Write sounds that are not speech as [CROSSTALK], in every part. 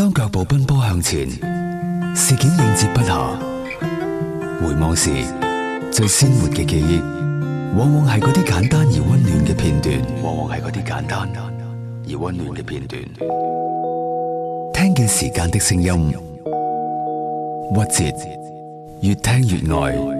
當腳步奔波向前，事件應接不暇，回望時最鮮活嘅記憶，往往係嗰啲簡單而溫暖嘅片段。往往係啲簡單而溫暖嘅片段。聽見時間的聲音，曲折，越聽越愛。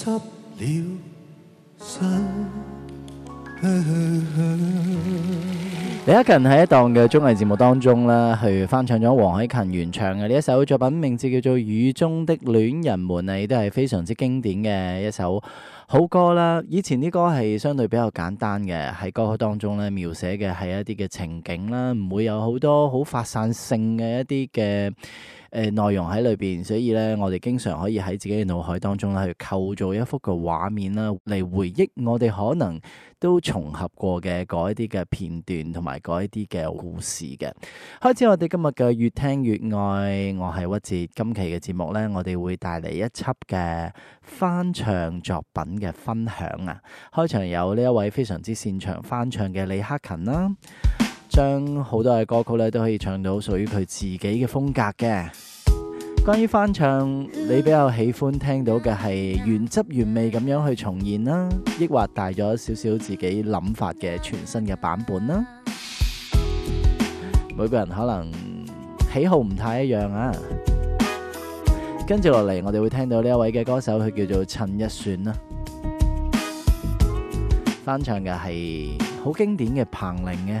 李克勤喺一檔嘅綜藝節目當中咧，去翻唱咗黃凱芹原唱嘅呢一首作品，名字叫做《雨中的戀人們》啊，亦都係非常之經典嘅一首好歌啦。以前啲歌係相對比較簡單嘅，喺歌曲當中呢描寫嘅係一啲嘅情景啦，唔會有好多好發散性嘅一啲嘅。誒內容喺裏邊，所以咧，我哋經常可以喺自己嘅腦海當中咧，去構造一幅嘅畫面啦，嚟回憶我哋可能都重合過嘅嗰一啲嘅片段同埋嗰一啲嘅故事嘅。開始我哋今日嘅越聽越愛，我係屈哲。今期嘅節目咧，我哋會帶嚟一輯嘅翻唱作品嘅分享啊！開場有呢一位非常之擅長翻唱嘅李克勤啦。將好多嘅歌曲咧，都可以唱到屬於佢自己嘅風格嘅。關於翻唱，你比較喜歡聽到嘅係原汁原味咁樣去重現啦，抑或帶咗少少自己諗法嘅全新嘅版本啦？每個人可能喜好唔太一樣啊。跟住落嚟，我哋會聽到呢一位嘅歌手，佢叫做陳奕迅啦，翻唱嘅係好經典嘅《彭羚》嘅。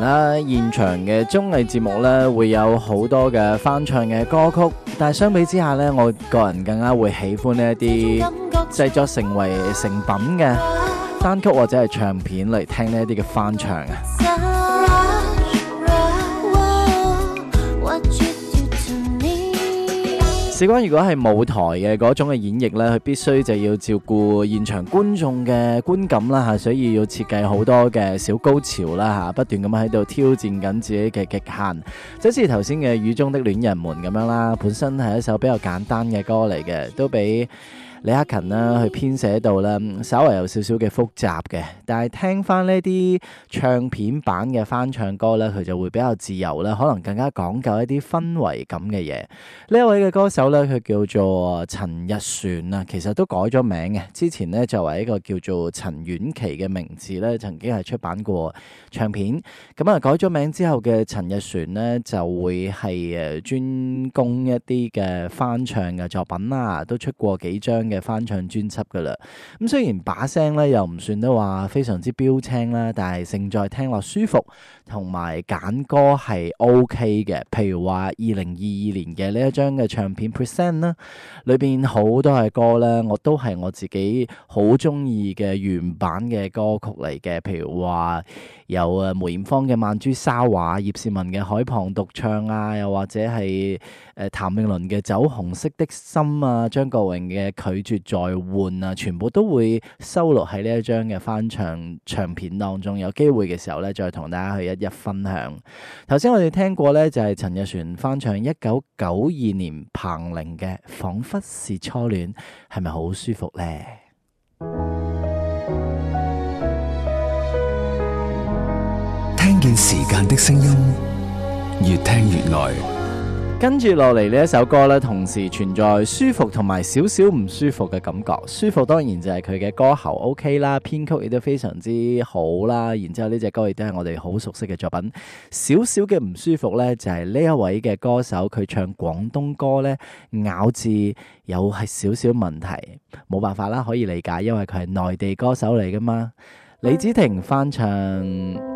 啦，現場嘅綜藝節目咧，會有好多嘅翻唱嘅歌曲，但係相比之下咧，我個人更加會喜歡呢一啲製作成為成品嘅單曲或者係唱片嚟聽呢一啲嘅翻唱啊。事關如果係舞台嘅嗰種嘅演繹呢，佢必須就要照顧現場觀眾嘅觀感啦吓，所以要設計好多嘅小高潮啦吓，不斷咁喺度挑戰緊自己嘅極限，就好似頭先嘅雨中的戀人們咁樣啦，本身係一首比較簡單嘅歌嚟嘅，都比。李克勤啦，去編寫到啦，稍微有少少嘅複雜嘅。但係聽翻呢啲唱片版嘅翻唱歌咧，佢就會比較自由啦，可能更加講究一啲氛圍感嘅嘢。呢一位嘅歌手咧，佢叫做陳日璇啊，其實都改咗名嘅。之前咧作為一個叫做陳婉琪嘅名字咧，曾經係出版過唱片。咁啊，改咗名之後嘅陳日璇咧，就會係誒專攻一啲嘅翻唱嘅作品啦，都出過幾張嘅翻唱專輯噶啦，咁雖然把聲咧又唔算得話非常之標青啦，但係勝在聽落舒服，同埋揀歌係 OK 嘅。譬如話二零二二年嘅呢一張嘅唱片 Percent 啦，裏邊好多嘅歌咧，我都係我自己好中意嘅原版嘅歌曲嚟嘅。譬如話。有誒梅艷芳嘅《曼珠沙華》，葉倩文嘅《海旁獨唱》啊，又或者係誒譚詠麟嘅《酒紅色的心》啊，張國榮嘅《拒絕再換》啊，全部都會收錄喺呢一張嘅翻唱唱片當中。有機會嘅時候咧，再同大家去一一分享。頭先我哋聽過咧，就係陳日璇翻唱一九九二年彭羚嘅《彷彿是初戀》，係咪好舒服咧？聽見時間的聲音，越聽越耐。跟住落嚟呢一首歌呢，同時存在舒服同埋少少唔舒服嘅感覺。舒服當然就係佢嘅歌喉 OK 啦，編曲亦都非常之好啦。然之後呢隻歌亦都係我哋好熟悉嘅作品。少少嘅唔舒服呢，就係呢一位嘅歌手佢唱廣東歌呢，咬字有係少少問題，冇辦法啦，可以理解，因為佢係內地歌手嚟噶嘛。李子婷翻唱。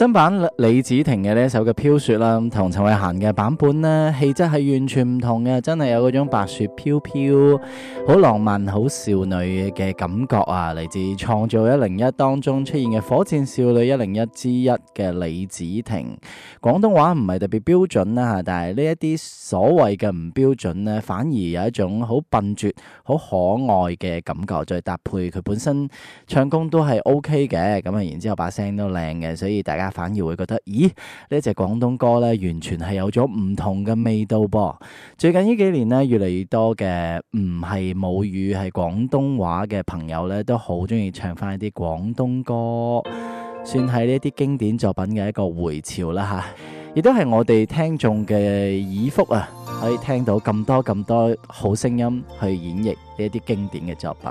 新版李子婷嘅呢一首嘅飄雪啦，同陳慧嫻嘅版本咧氣質係完全唔同嘅，真係有嗰種白雪飄飄，好浪漫、好少女嘅感覺啊！嚟自《創造一零一》當中出現嘅火箭少女一零一之一嘅李子婷，廣東話唔係特別標準啦吓，但係呢一啲所謂嘅唔標準咧，反而有一種好笨拙、好可愛嘅感覺。再搭配佢本身唱功都係 OK 嘅，咁啊，然之後把聲都靚嘅，所以大家，反而會覺得，咦？呢一隻廣東歌呢，完全係有咗唔同嘅味道噃。最近呢幾年呢，越嚟越多嘅唔係母語係廣東話嘅朋友呢，都好中意唱翻一啲廣東歌，算係呢啲經典作品嘅一個回潮啦吓，亦都係我哋聽眾嘅耳福啊，可以聽到咁多咁多好聲音去演繹呢啲經典嘅作品。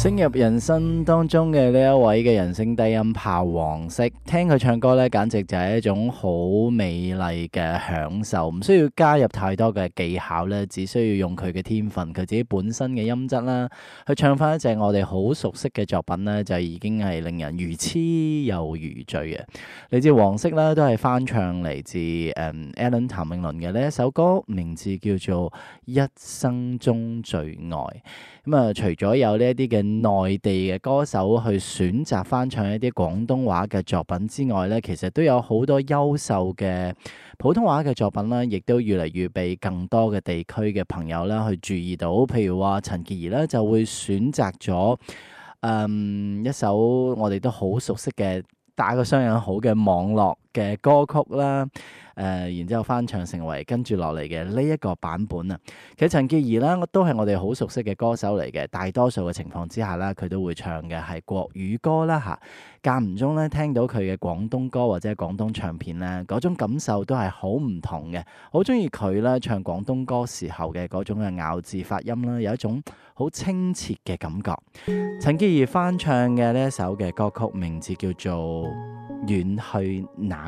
升入人生當中嘅呢一位嘅人聲低音炮黃色，聽佢唱歌咧，簡直就係一種好美麗嘅享受，唔需要加入太多嘅技巧咧，只需要用佢嘅天分、佢自己本身嘅音質啦，去唱翻一隻我哋好熟悉嘅作品咧，就已經係令人如痴又如醉嘅。嚟自黃色咧，都係翻唱嚟自誒 Alan 譚詠麟嘅呢一首歌，名字叫做《一生中最愛》。咁啊，除咗有呢一啲嘅。內地嘅歌手去選擇翻唱一啲廣東話嘅作品之外呢，其實都有好多優秀嘅普通話嘅作品啦，亦都越嚟越被更多嘅地區嘅朋友啦去注意到。譬如話陳潔儀呢，就會選擇咗誒一首我哋都好熟悉嘅《打個雙引號》嘅網絡嘅歌曲啦，誒、呃、然之後翻唱成為跟住落嚟嘅呢一個版本啊。其實陳潔儀啦，都是我都係我哋好熟悉嘅歌手嚟嘅。大多數嘅情況之下啦，佢都會唱嘅係國語歌啦，吓間唔中咧聽到佢嘅廣東歌或者廣東唱片咧，嗰種感受都係好唔同嘅。好中意佢咧唱廣東歌時候嘅嗰種嘅咬字發音啦，有一種好清澈嘅感覺。陳潔儀翻唱嘅呢一首嘅歌曲名字叫做《遠去哪》。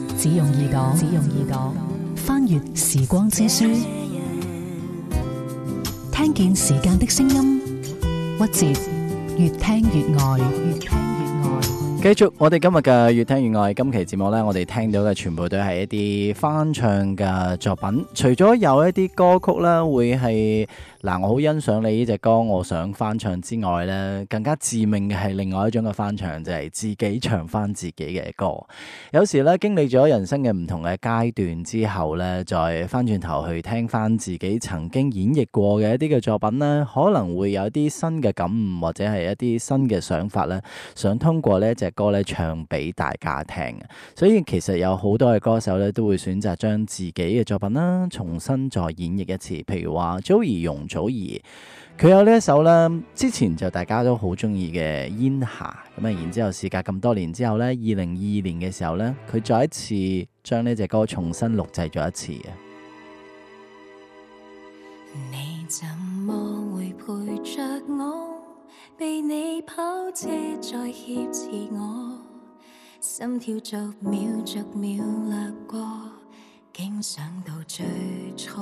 只用耳朵，只用耳朵翻閱時光之書，聽見時間的聲音，屈折，越聽越愛，越聽越愛。繼續我哋今日嘅越聽越愛，今期節目呢，我哋聽到嘅全部都係一啲翻唱嘅作品，除咗有一啲歌曲呢，會係。嗱，我好欣賞你呢隻歌，我想翻唱之外咧，更加致命嘅係另外一種嘅翻唱，就係、是、自己唱翻自己嘅歌。有時咧，經歷咗人生嘅唔同嘅階段之後咧，再翻轉頭去聽翻自己曾經演繹過嘅一啲嘅作品呢，可能會有啲新嘅感悟，或者係一啲新嘅想法咧，想通過呢隻歌咧唱俾大家聽。所以其實有好多嘅歌手咧都會選擇將自己嘅作品啦重新再演繹一次，譬如話 Joey 容祖兒佢有呢一首咧，之前就大家都好中意嘅《煙霞》咁啊，然之後事隔咁多年之後呢，二零二二年嘅時候呢，佢再一次將呢隻歌重新錄製咗一次啊！你怎麼會陪着我？被你跑車再挾持我，心跳逐秒逐秒掠過，竟想到最初。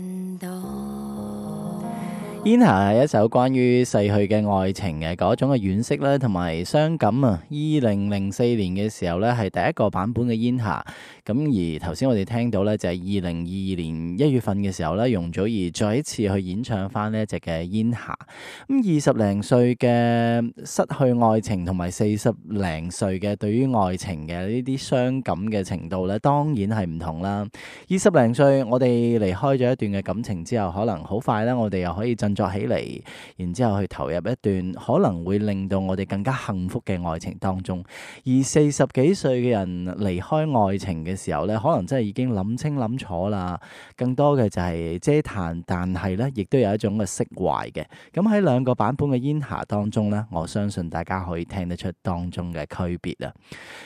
煙霞係一首關於逝去嘅愛情嘅嗰種嘅惋惜咧，同埋傷感啊！二零零四年嘅時候咧，係第一個版本嘅煙霞。咁而頭先我哋聽到咧，就係二零二二年一月份嘅時候咧，容祖兒再一次去演唱翻呢一隻嘅煙霞。咁二十零歲嘅失去愛情，同埋四十零歲嘅對於愛情嘅呢啲傷感嘅程度咧，當然係唔同啦。二十零歲我哋離開咗一段嘅感情之後可能好快咧，我哋又可以作起嚟，然之後去投入一段可能會令到我哋更加幸福嘅愛情當中。而四十幾歲嘅人離開愛情嘅時候咧，可能真係已經諗清諗楚啦。更多嘅就係嗟嘆，但係咧，亦都有一種嘅釋懷嘅。咁喺兩個版本嘅煙霞當中咧，我相信大家可以聽得出當中嘅區別啊。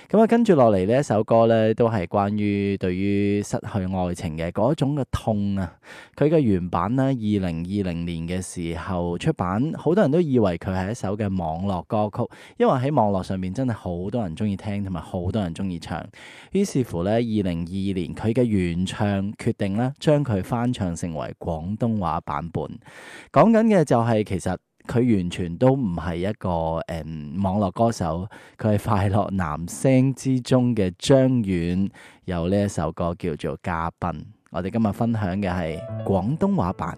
咁啊，跟住落嚟呢一首歌咧，都係關於對於失去愛情嘅嗰種嘅痛啊。佢嘅原版呢，二零二零年嘅嘅時候出版，好多人都以為佢係一首嘅網絡歌曲，因為喺網絡上面真係好多人中意聽同埋好多人中意唱。於是乎咧，二零二二年佢嘅原唱決定咧將佢翻唱成為廣東話版本。講緊嘅就係、是、其實佢完全都唔係一個誒、嗯、網絡歌手，佢係快樂男聲之中嘅張遠，有呢一首歌叫做《嘉賓》。我哋今日分享嘅係廣東話版。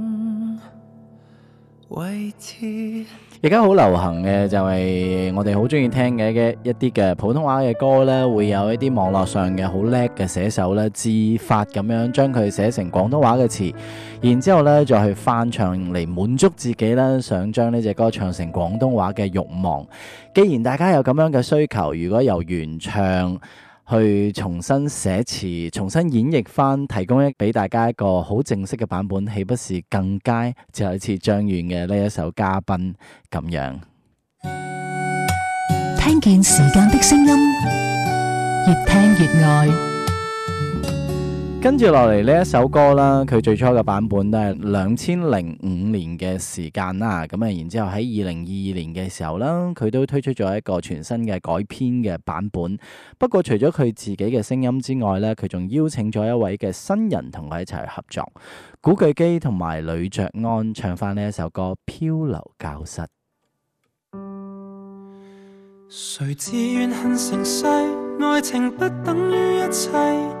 而家好流行嘅就係我哋好中意聽嘅嘅一啲嘅普通話嘅歌呢，會有一啲網絡上嘅好叻嘅寫手呢，自發咁樣將佢寫成廣東話嘅詞，然之後呢再去翻唱嚟滿足自己呢，想將呢隻歌唱成廣東話嘅慾望。既然大家有咁樣嘅需求，如果由原唱去重新寫詞、重新演繹返，提供一俾大家一個好正式嘅版本，豈不是更佳？就好似張遠嘅呢一首《嘉賓》咁樣，聽見時間嘅聲音，越聽越愛。跟住落嚟呢一首歌啦，佢最初嘅版本都係兩千零五年嘅時間啦，咁啊，然之後喺二零二二年嘅時候啦，佢都推出咗一個全新嘅改編嘅版本。不過除咗佢自己嘅聲音之外咧，佢仲邀請咗一位嘅新人同佢一齊合作，古巨基同埋呂爵安唱翻呢一首歌《漂流教室》。誰自怨恨成世，愛情不等於一切。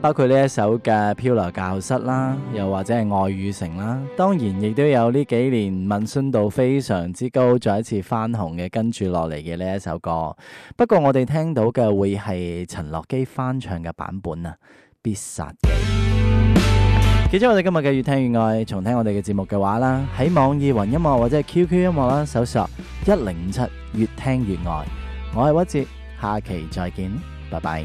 包括呢一首嘅《漂流教室》啦，又或者係《愛與城》啦，當然亦都有呢幾年問詢度非常之高，再一次翻紅嘅跟住落嚟嘅呢一首歌。不過我哋聽到嘅會係陳樂基翻唱嘅版本啊，必殺你《必殺技。》 [MUSIC] 記住我哋今日嘅越聽越愛，重聽我哋嘅節目嘅話啦，喺網易雲音樂或者係 QQ 音樂啦，搜索一零七越聽越愛。我係屈哲，下期再見，拜拜。